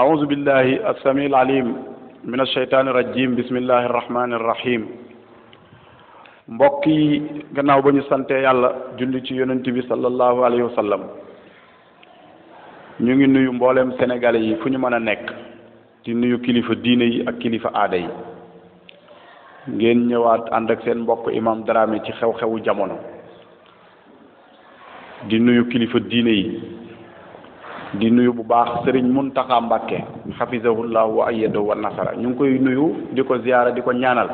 أعوذ بالله السميع العليم من الشيطان الرجيم بسم الله الرحمن الرحيم mbokk yi gannaaw ba ñu sante yàlla julli ci yonent bi sallallahu alayhi wa ñu ngi nuyu mbooleem sénégalais yi fu ñu mën a nekk di nuyu kilifa diine yi ak kilifa aada yi ngeen ñëwaat ànd ak seen mbokk imam Dramé ci xew-xewu jamono di nuyu kilifa diine yi di nuyu bu baax sëriñ Muntaxa Mbàkke xafisahullahu wa ayyadahu wa nasara ñu ngi koy nuyu di ko ziyaara di ko ñaanal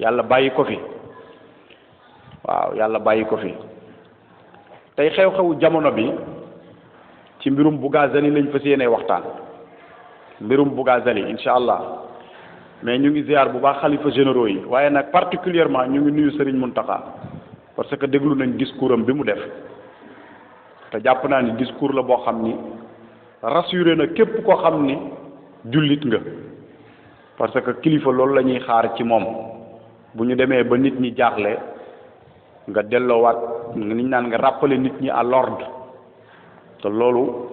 yàlla bàyyi ko fi waaw yàlla bàyyi ko fi tey xew-xewu jamono bi ci mbirum Bougazeli lañ fas yéenee waxtaan mbirum Bougazeli incha allah mais ñu ngi ziar bu baax xalifa généro yi waaye nag particulièrement ñu ngi nuyu sëriñ Muntaxa parce que déglu nañ discours am bi mu def te jàpp naa ni discours la boo xam ni rassuré na képp koo xam ni jullit nga parce que kilifa loolu la ñuy xaar ci moom bu ñu demee ba nit ñi jaaxle nga delloowaat ni naan nga rappeler nit ñi à l'ordre te loolu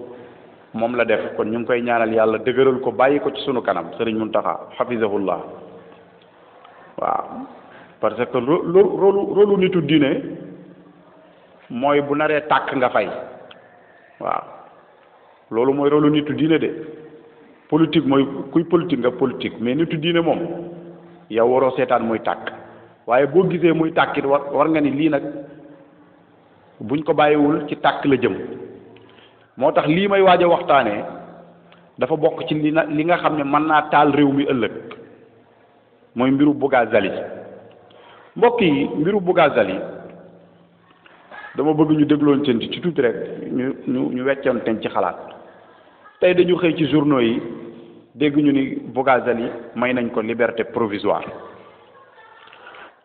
moom la def kon ñu ngi koy ñaanal yàlla dëgëral ko bàyyi ko ci sunu kanam sëriñ Muntaxa xafizahullah waaw parce que rôlu rôlu nitu diine mooy bu naree tàkk nga fay waaw loolu mooy rôle nitu diine de politique mooy kuy politique nga politique mais nitu diine moom yow waroo seetaan muy tàkk waaye boo gisee muy tàkkit war war nga ni lii nag buñ ko bàyyiwul ci tàkk la jëm moo tax lii may waaja a waxtaanee dafa bokk ci li na li nga xam ne mën naa taal réew mi ëllëg mooy mbiru Bougazelli mbokk yi mbiru Bougazelli dama bëgg ñu dégloon seen ci tuuti rek ñu ñu ñu weccoon teñ ci xalaat tey dañu xëy ci journaux yi dégg ñu ni Bougazelli may nañ ko liberté provisoire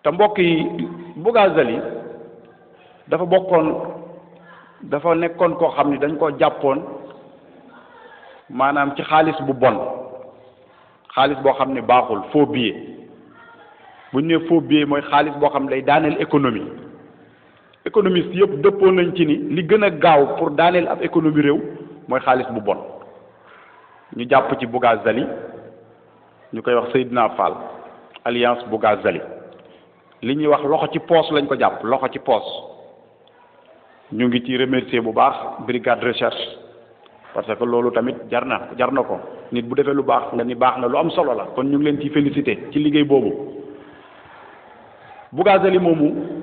te mbokk yi Bougazelli dafa bokkoon dafa nekkoon koo xam ni dañ koo jàppoon maanaam ci xaalis bu bon xaalis boo xam ne baaxul faux billet bu ñu nee faux billet mooy xaalis boo xam ne day daaneel économie économiste yëpp dëppoo nañ ci ni li gën a gaaw pour daaneel ab économie réew mooy xaalis bu bon ñu jàpp ci Bougazelli ñu koy wax Seydina Fall alliance Bougazelli li ñuy wax loxo ci poos lañ ko jàpp loxo ci poos ñu ngi ci remercier bu baax brigade recherche parce que loolu tamit jar na jar na ko nit bu defee lu baax nga ni baax na lu am solo la kon ñu ngi leen ci félicité ci liggéey boobu Bougazelli moomu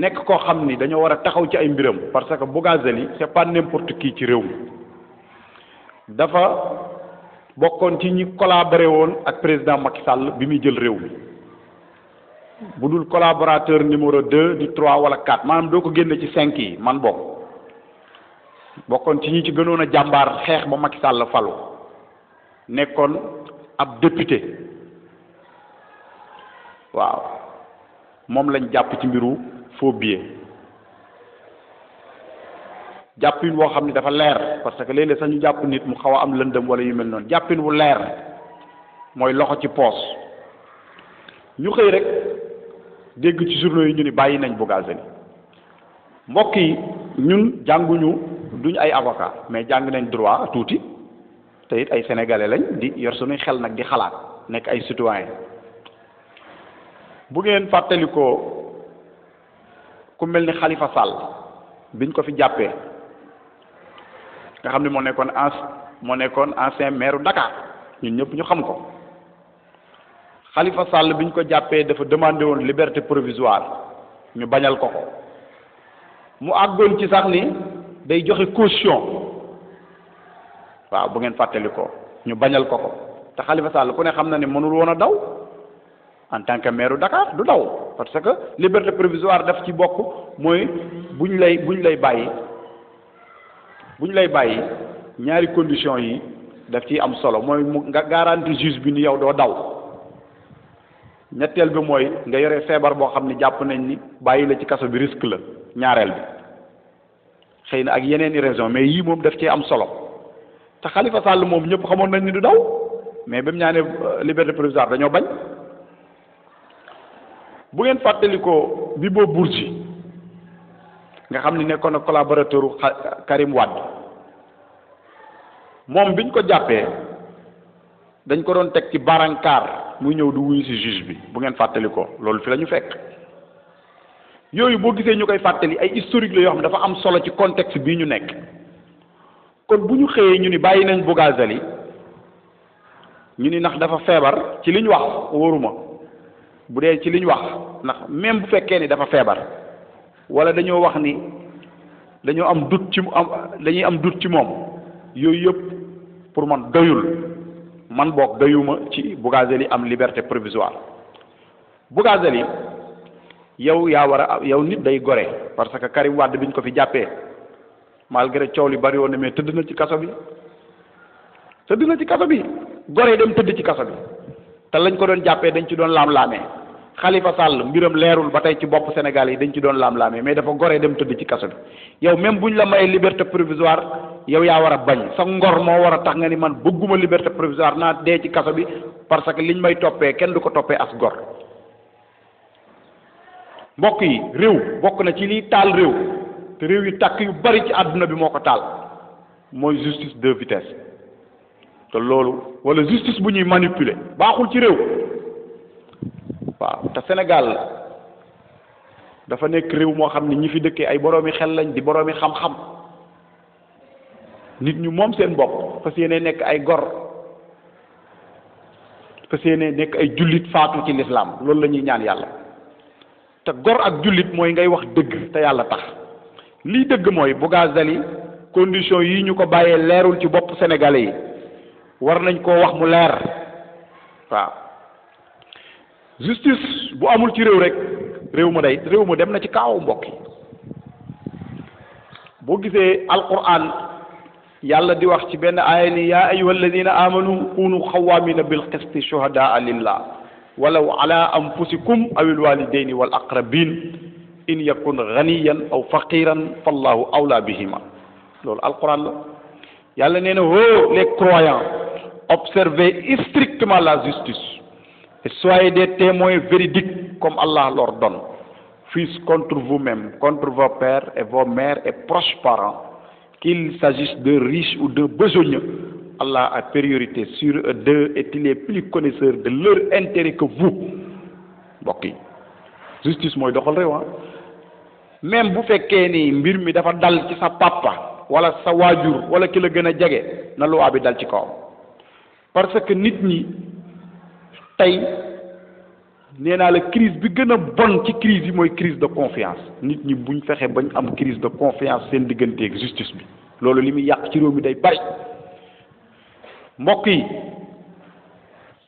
nekk koo xam ni dañoo war a taxaw ci ay mbiram parce que Bougazelli c'est pas n'importe kii ci réew mi dafa bokkoon ci ñi collaboré woon ak président Macky Sall bi muy jël réew mi bu dul collaborateur numéro deux di trois wala quatre maanaam doo ko génne ci cinq yi man bokk bokkoon ci ñi ci gënoon a jàmbaar xeex ba Macky Sall falu nekkoon ab député waaw moom lañ jàpp ci mbiru faux billet jàppin woo xam ne dafa leer parce que léeg-léeg sax ñu jàpp nit mu xaw a am lëndëm wala yu mel noonu jàppin wu leer mooy loxo ci poos ñu xëy rek dégg ci journaux yi ñu ni bàyyi nañ Boughazelli mbokk yi ñun jànguñu duñu ay avocat mais jàng nañ droit tuuti te ay sénégalais lañ di yor suñuy xel nag di xalaat nekk ay citoyen bu ngeen fàttalikoo ku mel ni Khalifa Sall biñ ko fi jàppee nga xam ne moo nekkoon ans moo nekkoon ancien maire Dakar ñun ñëpp ñu xam ko Khalifa Sall biñ ko jàppee dafa demandé woon liberté provisoire ñu bañal ko ko mu àggoon ci sax ni day joxe caution waaw bu ngeen fàttali ko ñu bañal ko ko te Khalifa Sall ku ne xam na ne mënul woon a daw. en tant que maire Dakar du daw parce que liberté provisoire daf ci bokk mooy bu ñu lay bu ñu lay bàyyi buñ lay bàyyi ñaari condition yi daf ciy am solo mooy mu nga garanti juge bi ni yow doo daw ñetteel bi mooy nga yore feebar boo xam ne jàpp nañ ni bàyyi la ci kaso bi risque la ñaareel bi xëy na ak yeneen i raison mais yii moom daf cee am solo te Khalifa Sall moom ñëpp xamoon nañ ni du daw mais ba mu ñaanee euh, liberté provisoire dañoo bañ. bu ngeen fàttalikoo bi boo Bourgi nga xam ne nekkoon na collaborateur Karim Wade moom biñ ko jàppee dañ ko doon teg ci barankaar muy ñëw du wuyu si juge bi bu ngeen fàttalikoo loolu fi la fekk yooyu boo gisee ñu koy fàttali ay historique la yoo xam dafa am solo ci context bii ñu nekk kon bu ñu xëyee ñu ni bàyyi nañ Bougazelli ñu ni nax dafa feebar ci li ñu wax wóoruma bu dee ci li ñu wax ndax même bu fekkee ni dafa feebar wala dañoo wax ni dañoo am dut ci am dañuy am dut ci moom yooyu yëpp pour man doyul man boog doyuma ci Bougazelli am liberté provisoire Bougazelli yow yaa war a yow nit day gore parce que Karim Wade biñ ko fi jàppee malgré coow li bari woon na mais tëdd na ci kaso bi tëdd na ci kaso bi gore dem tëdd ci kaso bi te lañ ko doon jàppee dañ ci doon laam-laamee xalifa sàll mbiram leerul ba tey ci bopp sénégal yi dañ ci doon laam-laamee mais dafa goree dem tëdd ci kaso bi yow même buñ la mayee liberté provisoire yow yaa war a bañ sa ngor moo war a tax nga ni man bëgguma liberté provisoire naa dee ci kaso bi parce que liñ may toppee kenn du ko toppee as gor mbokk yi réew bokk na ci liy taal réew te réew yu tàkk yu bari ci àdduna bi moo ko taal mooy justice de vitesse te loolu wala justice bu ñuy manipule baaxul ci réew waaw te Sénégal dafa nekk réew moo xam ne ñi fi dëkkee ay boroomi xel lañ di boroomi xam-xam nit ñu moom seen bopp fas yéene nekk ay gor fas nekk ay jullit faatu ci lislaam loolu lañuy ñaan yàlla te gor ak jullit mooy ngay wax dëgg te yàlla tax lii dëgg mooy Bougazelli condition yi ñu ko bàyyee leerul ci bopp sénégalais yi war nañ koo wax mu leer waaw justice bu amul ci réew rek réew ma day réew ma dem na ci kaaw mbokki boo gisee alquran yàlla di wax ci benn aaya ni yaa ayuha alladina amanu kunu xawaamina bilqisti shuhadaa lillah walaw ala anfusikum aw ilwalidaini wal aqrabin in yakun ghaniyan aw faqiran fallahu awla bihima loolu alquran la yàlla nee na hoo les croyants observez strictement la justice et soyez des témoins véridiques comme Allah l'ordonne. Fils contre vous-même, contre vos pères et vos mères et proches parents, qu'il s'agisse de riches ou de besogneux, Allah a priorité sur eux deux et il est plus connaisseur de leur intérêt que vous. Bon, justice le doxal hein. même bu faites ni mbir mi dafa dal ci sa papa wala sa waajur wala ki le gëna a na loi bi dal ci parce que nit ñi tey nee naa la crise bi gën a bon ci crise yi mooy crise de confiance nit ñi buñ fexe bañ am crise de confiance seen digganteeg justice bi loolu li muy yàq ci réew mi day bari mbokk yi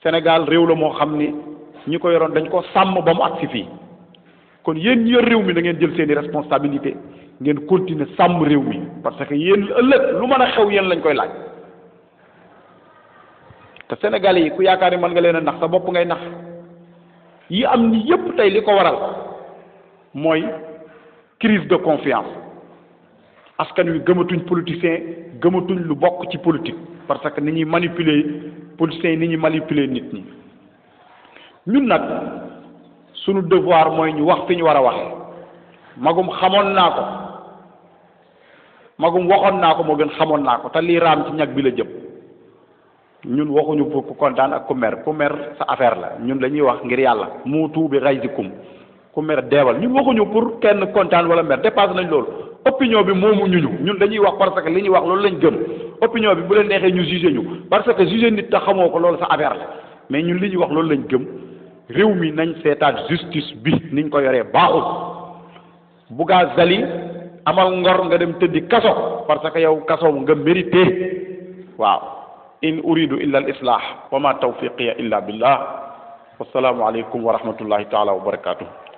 Sénégal réew la moo xam ni ñi ko yoroon dañ ko sàmm ba mu agsi fii kon yéen ñi yor réew mi da ngeen jël seeni responsabilité ngeen continuer sàmm réew mi parce que yéen ëllëg lu mën a xew yéen lañ koy laaj te Sénégalais yi ku yaakaar ni mën nga leen a nax sa bopp ngay nax yi am ni yépp tey li ko waral mooy crise de confiance askan wi gëmatuñ politicien gëmatuñ lu bokk ci politique parce que ni ñuy manipuler politiciens yi ni ñuy manipuler nit ñi ñun nag sunu devoir mooy ñu wax fi ñu war a waxee magum xamoon naa ko magum waxoon naa ko moo gën xamoon naa ko te lii raam ci ñag bi la jëm ñun waxuñu pour ku kontaan ak ku mer ku mer sa affaire la ñun dañuy wax ngir yàlla mu muutu bi ghayzikum ku mer deewal ñun waxuñu pour kenn kontaan wala mer dépassé nañ loolu opinion bi moomu ñu ñu ñun dañuy wax parce que li ñuy wax loolu lañ gëm opinion bi bu leen neexee ñu jugé ñu parce que jugé nit te xamoo ko loolu sa affaire la mais ñun li ñuy wax loolu lañ gëm réew mi nañ seetaat justice bi niñ ko yoree baaxul bu gaa zali amal ngor nga dem tëddi kaso parce que yow kaso nga mérité waaw إن أريد إلا الإصلاح وما توفيقي إلا بالله والسلام عليكم ورحمة الله تعالى وبركاته